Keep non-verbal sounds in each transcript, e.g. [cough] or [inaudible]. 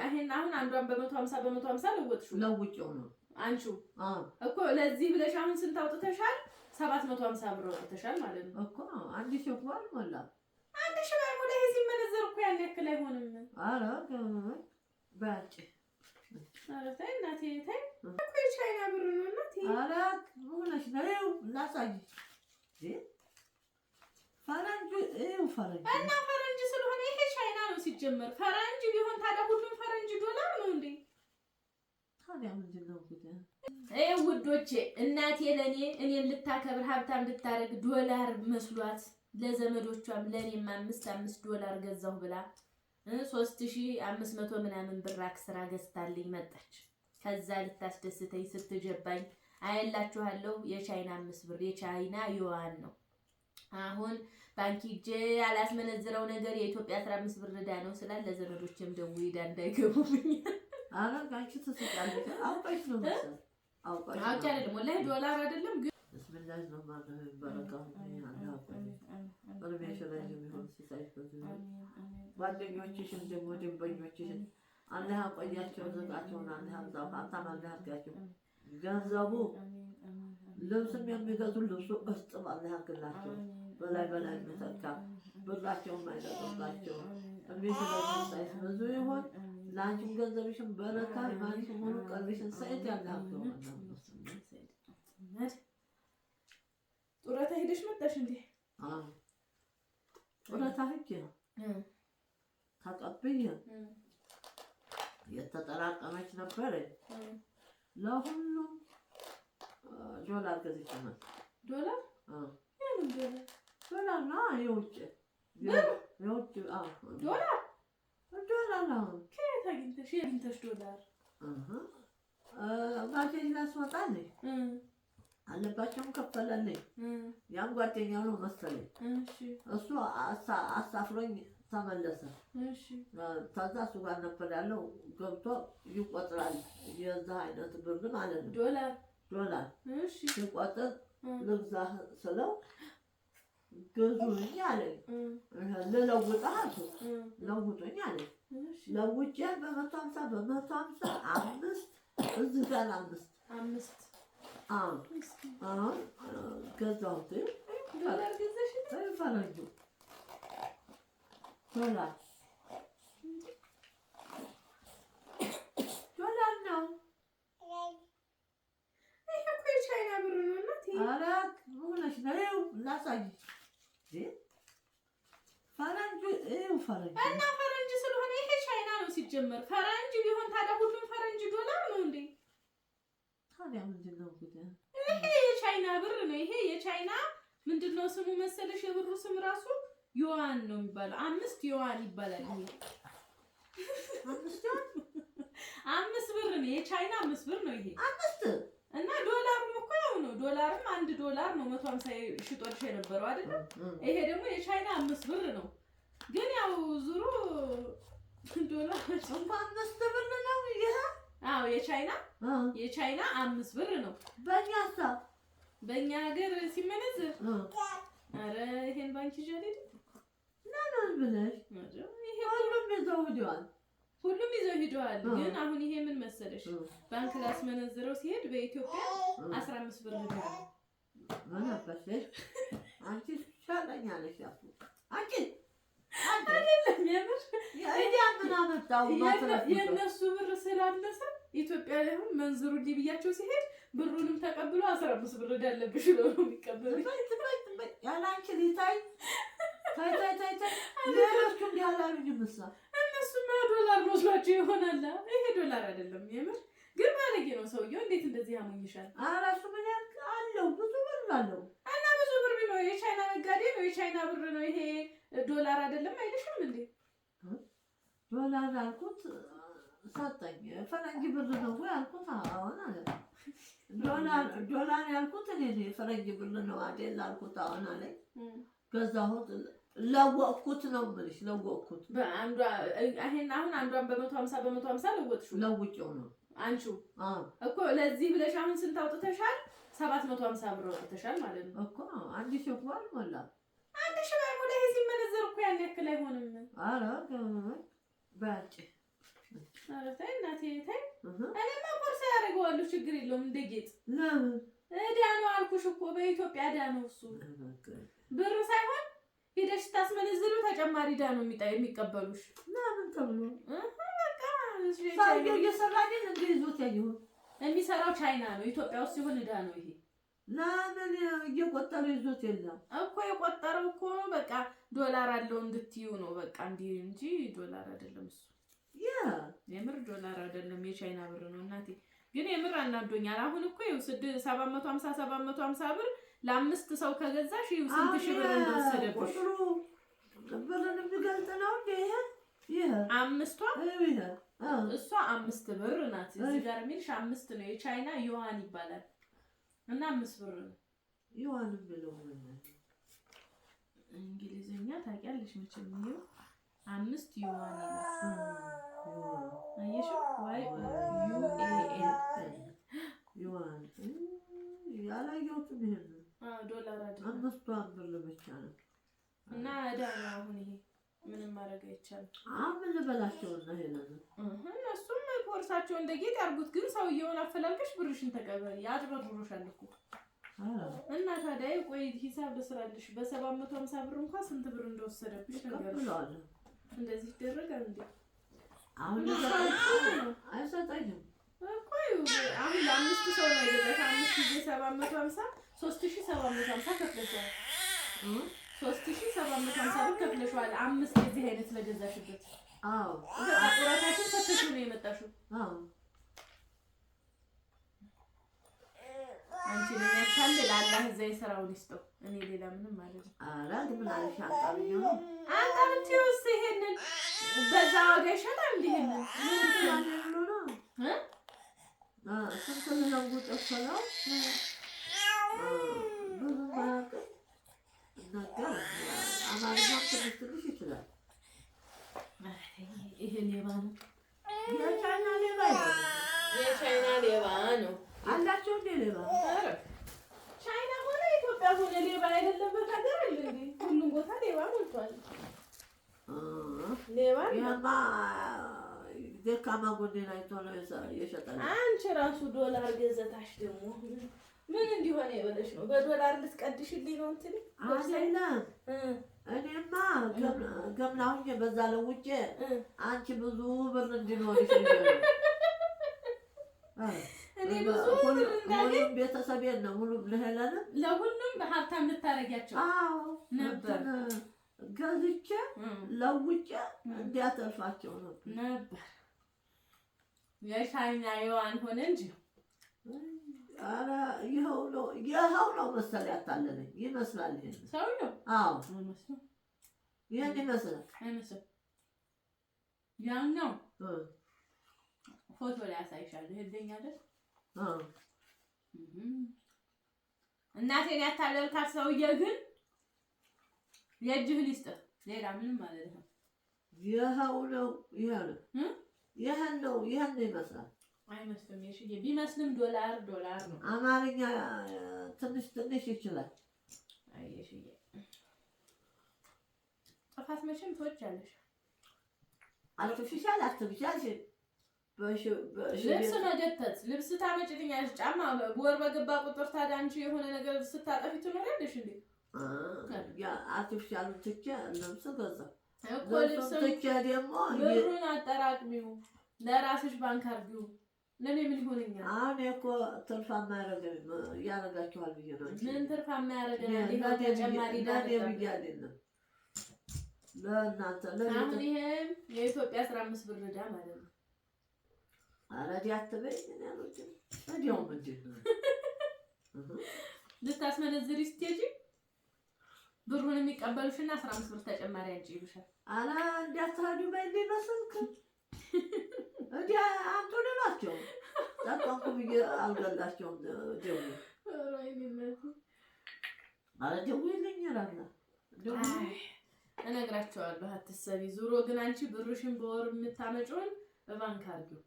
ይሄን አሁን አንዷን በመቶ ሀምሳ በመቶ ሀምሳ ለወጥሽው ለውጭው ነው አንቺው እኮ ለዚህ ብለሽ አሁን ስንት አውጥተሻል? ሰባት መቶ ሀምሳ ብር አውጥተሻል ማለት ነው እኮ አንድ ሺህ አልሞላ አንድ ሺህ ባልሞላ ይሄ ሲመነዘር እኮ ያን ያክል አይሆንም። ኧረ በአጭ ኧረ ተይ እናቴ ተይ እኮ የቻይና ብር ነው እናቴ። ኧረ ሆነሽ ነው ላሳይሽ ፈረንጅ ይኸው ፈረንጅ እና ሲጀመር ፈረንጅ ቢሆን ታዲያ ሁሉም ፈረንጅ ዶላር ነው እንዴ? ታዲያ ምንድን ነው ውዶቼ? እናቴ ለእኔ እኔን ልታከብር ሀብታም ልታደርግ ዶላር መስሏት ለዘመዶቿም ለእኔም አምስት አምስት ዶላር ገዛሁ ብላ ሶስት ሺህ አምስት መቶ ምናምን ብር አክስራ ገዝታልኝ መጣች። ከዛ ልታስደስተኝ ስትጀባኝ አየላችኋለሁ የቻይና አምስት ብር የቻይና ዩዋን ነው አሁን ባንክ ሂጅ ያላስመነዝረው ነገር የኢትዮጵያ 15 ብር ዕዳ ነው ስላል ለዘመዶችም ደውዬ ዕዳ እንዳይገቡብኝ ነው ዶላር አይደለም ግን ጓደኞችሽን ደግሞ ደንበኞችሽን አላህ ያቆያቸው ዘቃቸውን አላህ ያብዛው ሀብታም አላህ ያድርጋቸው። ገንዘቡ ልብስም የሚገዙ ልብሱ እርጥብ አለ ያርግላቸው። በላይ በላይ የሚተካ ብራቸውን ማይጠቅባቸው እሚሽለሳይት ብዙ ይሆን ለአንቺም ገንዘብሽን በረካ ማንሽም ሆኑ ቀልብሽን ሰይት ያላቸው ሀብት ጡረታ ሄደሽ መጣሽ እንዴ? ጡረታ ሂጅ ተቀብዬ የተጠራቀመች ነበረኝ ለሁሉ ዶላር ገዝቼ ዶላር ዶላር ነው የውጭ የውጭ ዶላር ዶላር ነው። ከየት አግኝተሽ አግኝተሽ ዶላር ባንቴጅ ላስወጣ ነኝ አለባቸውም ከፈለልኝ። ያም ጓደኛው ነው መሰለኝ እሱ አሳፍሮኝ ተመለሰ። ከዛ እሱ ጋር ነበር ያለው ገብቶ ይቆጥራል። የዛ አይነት ብር ማለት ነው ዶላር ይሆናል ሲቆጥር ልግዛ ስለው ግዙኝ አለኝ። ልለውጥሀት ለውጡኝ አለኝ። ለውጬ በመቶ ሀምሳ በመቶ ሀምሳ አምስት እዚህ ጋር አምስት አምስት ገዛሁት። ፈረንጁ ዶላር ቻይና ብር ነው እናቴ። አራት ሆነሽ ነው ላሳይሽ። ፈረንጅ ፈረንጅ እና ፈረንጅ ስለሆነ ይሄ ቻይና ነው ሲጀመር። ፈረንጅ ቢሆን ታዲያ ሁሉም ፈረንጅ ዶላር ነው እንዴ? ታዲያ ምንድን ነው ይሄ? የቻይና ብር ነው ይሄ። የቻይና ምንድን ነው ስሙ መሰለሽ? የብሩ ስም ራሱ ዮዋን ነው የሚባለው። አምስት ዮዋን ይባላል ይሄ አምስት ብር ነው የቻይና አምስት ብር ነው ይሄ አምስት እና ዶላሩ ያው ነው። ዶላርም አንድ ዶላር ነው መቶ ሀምሳ ሽጦልሽ የነበረው አይደለም። ይሄ ደግሞ የቻይና አምስት ብር ነው። ግን ያው ዙሩ [laughs] ዶላር አምስት ብር ነው። አዎ የቻይና የቻይና አምስት ብር ነው። በእኛ ሀሳብ በእኛ ሀገር ሲመነዝር ኧረ ይሄን ባንክ ይዤ አልሄድም። ና ብለሽ ይሄ ሁሉም የዛው ሁሉም ይዘው ሂደዋል። ግን አሁን ይሄ ምን መሰለሽ ባንክ ላስመነዝረው ሲሄድ በኢትዮጵያ አስራ አምስት ብር ሂደዋል። አንቺ ነሽ አንቺ የእነሱ ብር ስላለሰ ኢትዮጵያ ላይ አሁን መንዝሩ ሊብያቸው ሲሄድ ብሩንም ተቀብሎ አስራ አምስት ብር እዳለብሽ ነው የሚቀበሉት። ያለ አንቺ ታይ ታይ ታይ ታይ ሌሎቹ እንዲህ አላሉኝም እሷ ዶላር መስሏቸው ይሆናል። ይሄ ዶላር አይደለም የምር ግን ባለጌ ነው ሰውየው። እንዴት እንደዚህ ያሞኝሻል? አራሱ ምን አለው? ብዙ ብር አለው እና ብዙ ብር ነው። የቻይና ነጋዴ ነው። የቻይና ብር ነው። ይሄ ዶላር አይደለም አይልሽም እንዴ? ዶላር አልኩት ሰጠኝ። ፈረንጅ ብር ነው ወይ አልኩት። አሁን አለ ዶላር ዶላር ያልኩት እኔ ፈረንጅ ብር ነው አይደል አልኩት። አሁን አለኝ ገዛሁት ለወቅኩት ነው የምልሽ። ለወቅኩት ይሄን አሁን አንዷን በመቶ ሀምሳ በመቶ ሀምሳ ለወጥሽው ለውጭው ነው እኮ ለዚህ ብለሽ አሁን ስንት አውጥተሻል? ሰባት መቶ ሀምሳ ብር አውጥተሻል ማለት ነው እኮ አንድ ሺህ ሞላ አንድ ሺህ ባል ይሄ ሲመነዘር እኮ ያን ያክል አይሆንም። ኧረ በአጭ ኧረ ተይ እናቴ ተይ። እኔማ ቦርሳ ያደርገዋለሁ ችግር የለውም እንደ ጌጥ እዳ ነው አልኩሽ እኮ በኢትዮጵያ እዳ ነው እሱ ብሩ ሳይሆን ሄደሽ ታስመነዝሩ ተጨማሪ ዳ ነው የሚጣ የሚቀበሉሽ። ምን ተብሎ እየሰራ ግን እንደ ይዞት ያየሁት የሚሰራው ቻይና ነው። ኢትዮጵያ ውስጥ ሲሆን ዕዳ ነው ይሄ። ለምን እየቆጠሩ ይዞት የለም እኮ የቆጠረው እኮ በቃ ዶላር አለው እንድትዩ ነው በቃ እንዲ እንጂ ዶላር አይደለም እሱ። የምር ዶላር አይደለም የቻይና ብር ነው እናቴ። ግን የምር አናዶኛል። አሁን እኮ ይኸው ስድስት ሰባት መቶ ሀምሳ ሰባት መቶ ሀምሳ ብር ለአምስት ሰው ከገዛሽ ይኸው ስንት ሺህ ብር እንደወሰደብሽ ብርን የሚገልጽ ነው። አምስቷ እሷ አምስት ብር ናት። እዚህ ጋር የሚልሽ አምስት ነው። የቻይና ዩዋን ይባላል እና አምስት ብር ነው ዩዋን ብለው እንግሊዝኛ ታውቂያለሽ መቼም። ይኸው አምስት ዩዋን አየሽ ወይ ዩኤኤል ዩዋን ያላየሁትም ይሄን ዶላር አይደለም አምስቱ ብር ብቻ ነው እና እዳ ነው። አሁን ይሄ ምንም ማድረግ አይቻልም። አሁን ልበላቸውና ሄለን እነሱም ቦርሳቸው እንደ ጌጥ ያርጉት። ግን ሰውየውን አፈላልገሽ ብርሽን ተቀበል። አጭበርብሮሻል እኮ እና ታዲያ ቆይ ሂሳብ ልስራልሽ። በሰባት መቶ ሀምሳ ብር እንኳን ስንት ብር እንደወሰደብሽ ነገር እንደዚህ ይደረጋል እንዴ? አሁን አይሰጠኝም። ቆይ አሁን ለአምስቱ ሰው ነው ሰባት መቶ ሀምሳ ሦስት ሺህ ሰባት መቶ ሀምሳ ከፍለሻል። ሦስት ሺህ ሰባት መቶ ሀምሳ ብር ከፍለሻል። አምስት የዚህ አይነት ለገዛሽበት ቁራታችን ፈተሽው ነው የመጣሽው። አንቺን የሚያታልል አላህ እዛ የሥራውን ይስጠው። እኔ ሌላ ምንም ማለት ነው። አራት ምን አለሽ? ይሄንን በዛ ዋጋ ይሸጣል። ይሄንን ስንት ነው ጉጭ ነው? አማርኛ ትንሽ ትንሽ ይችላል። ይሄ ሌባ ነው፣ የቻይና ሌባ ነው፣ የቻይና ሌባ ነው አላቸው። እንደ ሌባ ቻይና ሆነ ኢትዮጵያ ሆነ ሌባ የሌለበት ሀገር አለ? ሁሉም ቦታ ሌባ ሞልቷል። ሌባ ይሄማ ደካማ ጎኔን አይቶ ነው የሸጠነው። አንቺ ራሱ ዶላር ገዘታሽ ደግሞ ምን እንዲሆነ የበለሽ ነው? በዶላር ልትቀድሽልኝ ነው እንትን አይደለም። እኔማ ገምናሁኝ በዛ ለውጭ አንቺ ብዙ ብር እንዲኖርሽ [laughs] ሁሉም ቤተሰቤን ነው ሁሉም ልሄለን ለሁሉም በሀብታም ልታረጊያቸው ነበር ገዝቼ ለውጭ እንዲያተርፋቸው ነበር። የሻይና የዋን ሆነ እንጂ ኧረ ይኸው ነው ይኸው ነው መሰለኝ ያታለለኝ ይመስላል። ይሄን አዎ፣ ይሄን ይመስላል ያኛው ፎቶ ላይ አሳይሻለሁ። ይሄደኛ አይደል? እናቴን ያታለልካት ሰውዬ ግን የእጅህን ይስጥህ። ሌላ ምንም ነው። ይኸው ነው ነው ነው ይመስላል አይመስልም የሽዬ ቢመስልም ዶላር ዶላር ነው። አማርኛ ትንሽ ትንሽ ይችላል። አይ የሽዬ ጥፋት መቼም ትወጫለሽ። አርቲፊሻል አርቲፊሻል ልብስ መደተት ልብስ ታመጭልኛለሽ። ጫማ ወር በገባ ቁጥር ታዲያ አንቺ የሆነ ነገር ስታጠፊ ትኖሪያለሽ እንዴ? አርቲፊሻሉ ትቼ ልብስ ገዛ እኮ ልብስ ትቼ ደግሞ ብሩን አጠራቅሚው ለራስሽ ባንክ አድርጊው ለእኔ ምን ይሆነኛል? አሁን እኮ ትርፋማ ያደረገ ያደረጋችኋል ብዬ ነው። ምን ትርፋማ ያደረገናል? ለእናንተ። አሁን ይሄም የኢትዮጵያ አስራ አምስት ብር ዕዳ ማለት ነው። ኧረ ዲያ አትበይ። እንዲያውም እንጂ ልታስመነዝሪ ስትሄጂ ብሩን የሚቀበሉሽና አስራ አምስት ብር ተጨማሪ አንቺ ይሉሻል። ኧረ እንዲያትሄዱ በይ በስልክ እንዲ አንቱን ናቸው ብዬ አልገላቸውም። ደው አረ ደው ይለኛል አላ እነግራቸዋለሁ። አትሰቢ ዙሮ ግን አንቺ ብርሽን በወር የምታመጪውን በባንክ አድርጊው።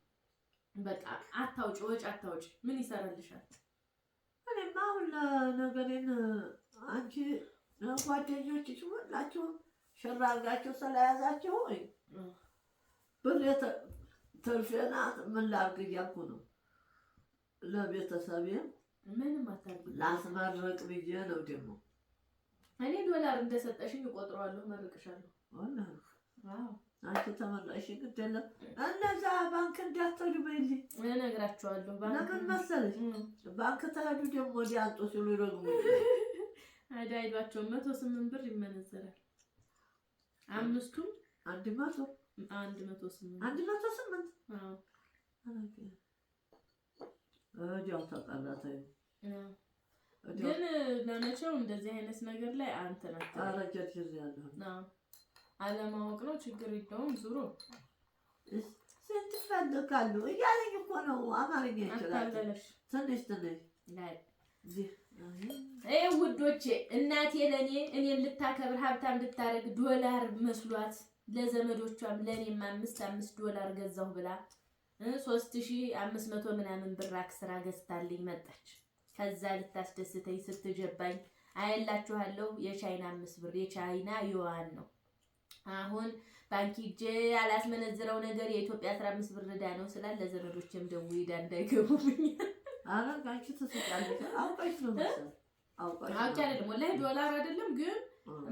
በቃ አታውጪ፣ ወጪ አታውጪ። ምን ይሰራልሻል? እኔማ አሁን ነገሬን አንቺ ጓደኞች ሁላችሁ ሽራ አድርጋችሁ ስለያዛችሁ ብር ተርፌና ምን ላድርግ እያልኩ ነው። ለቤተሰቤ ምንም ላስመረቅ ብዬ ነው። ደግሞ እኔ ዶላር እንደሰጠሽኝ እቆጥረዋለሁ፣ መርቅሻለሁ። አንቺ ተመራሽ ግድ የለም። እነዛ ባንክ እንዳትሄዱ በይልኝ እነግራቸዋለሁ። ለምን መሰለሽ ባንክ ተሄዱ ደግሞ ሊያንጡ ሲሉ ይረግሙ አይዷቸውም። መቶ ስምንት ብር ይመነዘራል አምስቱም አንድ መቶ አንድ መቶ ስምንት አንድ መቶ ስምንት ወዲያው ተጣላተ። ግን ለመቼው እንደዚህ አይነት ነገር ላይ አንተ ናት አረጀት ጊዜ ያለው አለማወቅ ነው፣ ችግር የለውም። ዙሮ ስንት ፈልካሉ እያለኝ እኮ ነው። አማርኛ ይችላል ትንሽ ትንሽ ይህ ውዶቼ እናቴ ለእኔ እኔን ልታከብር ሀብታም ልታደርግ ዶላር መስሏት ለዘመዶቿም ለእኔም አምስት አምስት ዶላር ገዛሁ ብላ ሶስት ሺህ አምስት መቶ ምናምን ብር አክስራ ገዝታልኝ መጣች። ከዛ ልታስደስተኝ ስትጀባኝ አየላችኋለሁ የቻይና አምስት ብር የቻይና ዩዋን ነው። አሁን ባንክ ሂጅ ያላስመነዝረው ነገር የኢትዮጵያ 15 ብር ዕዳ ነው ስላል ለዘመዶችም ደው ዕዳ እንዳይገቡብኝ አይደለም ዶላር አይደለም ግን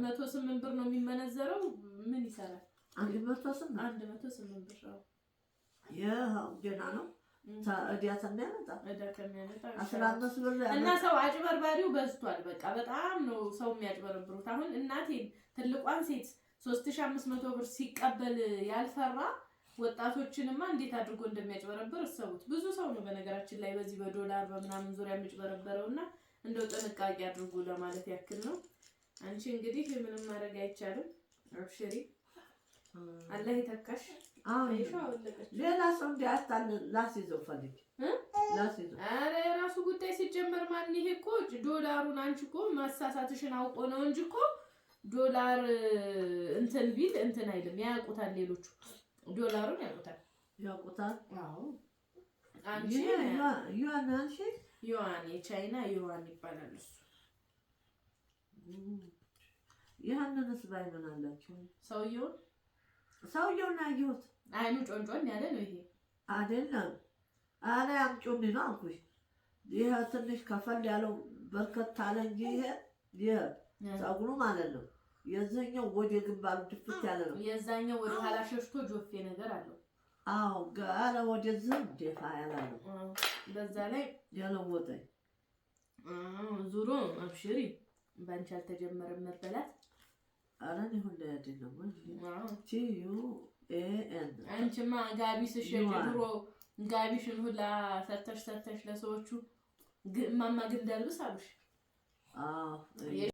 108 ብር ነው የሚመነዘረው። ምን ይሰራል? አንድ መቶ ስምንት አንድ መቶ ስምንት ብር ይኸው ገና ነው። እዳ ከሚያመጣ አስራ አምስት ብር እና ሰው አጭበርባሪው በዝቷል። በቃ በጣም ነው ሰው የሚያጭበረብሩት። አሁን እናቴን ትልቋን ሴት ሶስት ሺህ አምስት መቶ ብር ሲቀበል ያልፈራ ወጣቶችንማ እንዴት አድርጎ እንደሚያጭበረብር እሰቡት። ብዙ ሰው ነው በነገራችን ላይ በዚህ በዶላር በምናምን ዙሪያ የሚጭበረበረው እና እንደው ጥንቃቄ አድርጉ ለማለት ያክል ነው። አንቺ እንግዲህ ምንም ማድረግ አይቻልም። አብሽሪ አላህ ይተካሽ። ሌላ ሰው እንዲህ ላስይዘው ፈልጊ። ኧረ የራሱ ጉዳይ ሲጀመር። ማን ይሄ እኮ ዶላሩን አንቺ እኮ ማሳሳትሽን አውቆ ነው እንጂ እኮ ዶላር እንትን ቢል እንትን አይልም። ያውቁታል፣ ሌሎቹ ዶላሩን ያውቁታል፣ ያውቁታል። አዎ የቻይና ዩዋን ይባላል እሱ ይህንንስ ባይሆን አላችሁ ሰውየውን ሰውየውን አየሁት። አይኑ ጮንጮን ያለ ነው። ይሄ አይደለም። አረ አምጮኝ ነው አልኩሽ። ይሄ ትንሽ ከፈል ያለው በርከት አለ እንጂ ይሄ ይሄ ፀጉሩ ማለት ነው። የዚህኛው ወደ ግንባሩ ድፍት ያለ ነው። የዛኛው ወደ ኋላ ሸሽቶ ጆፌ ነገር አለው። አዎ ወደ ዝም ደፋ ያለ ነው። በዛ ላይ የለወጠኝ ዙሮ አብሽሪ ባንቺ አልተጀመረም መበላት አረን ይሁን ለያድን ነው ቲ ዩ ኤ ኤን አንቺማ ጋቢስሽ የድሮ ጋቢሽን ሁላ ሰተሽ ሰተሽ ለሰዎቹ ማማ ግን ደልብስ አሉሽ።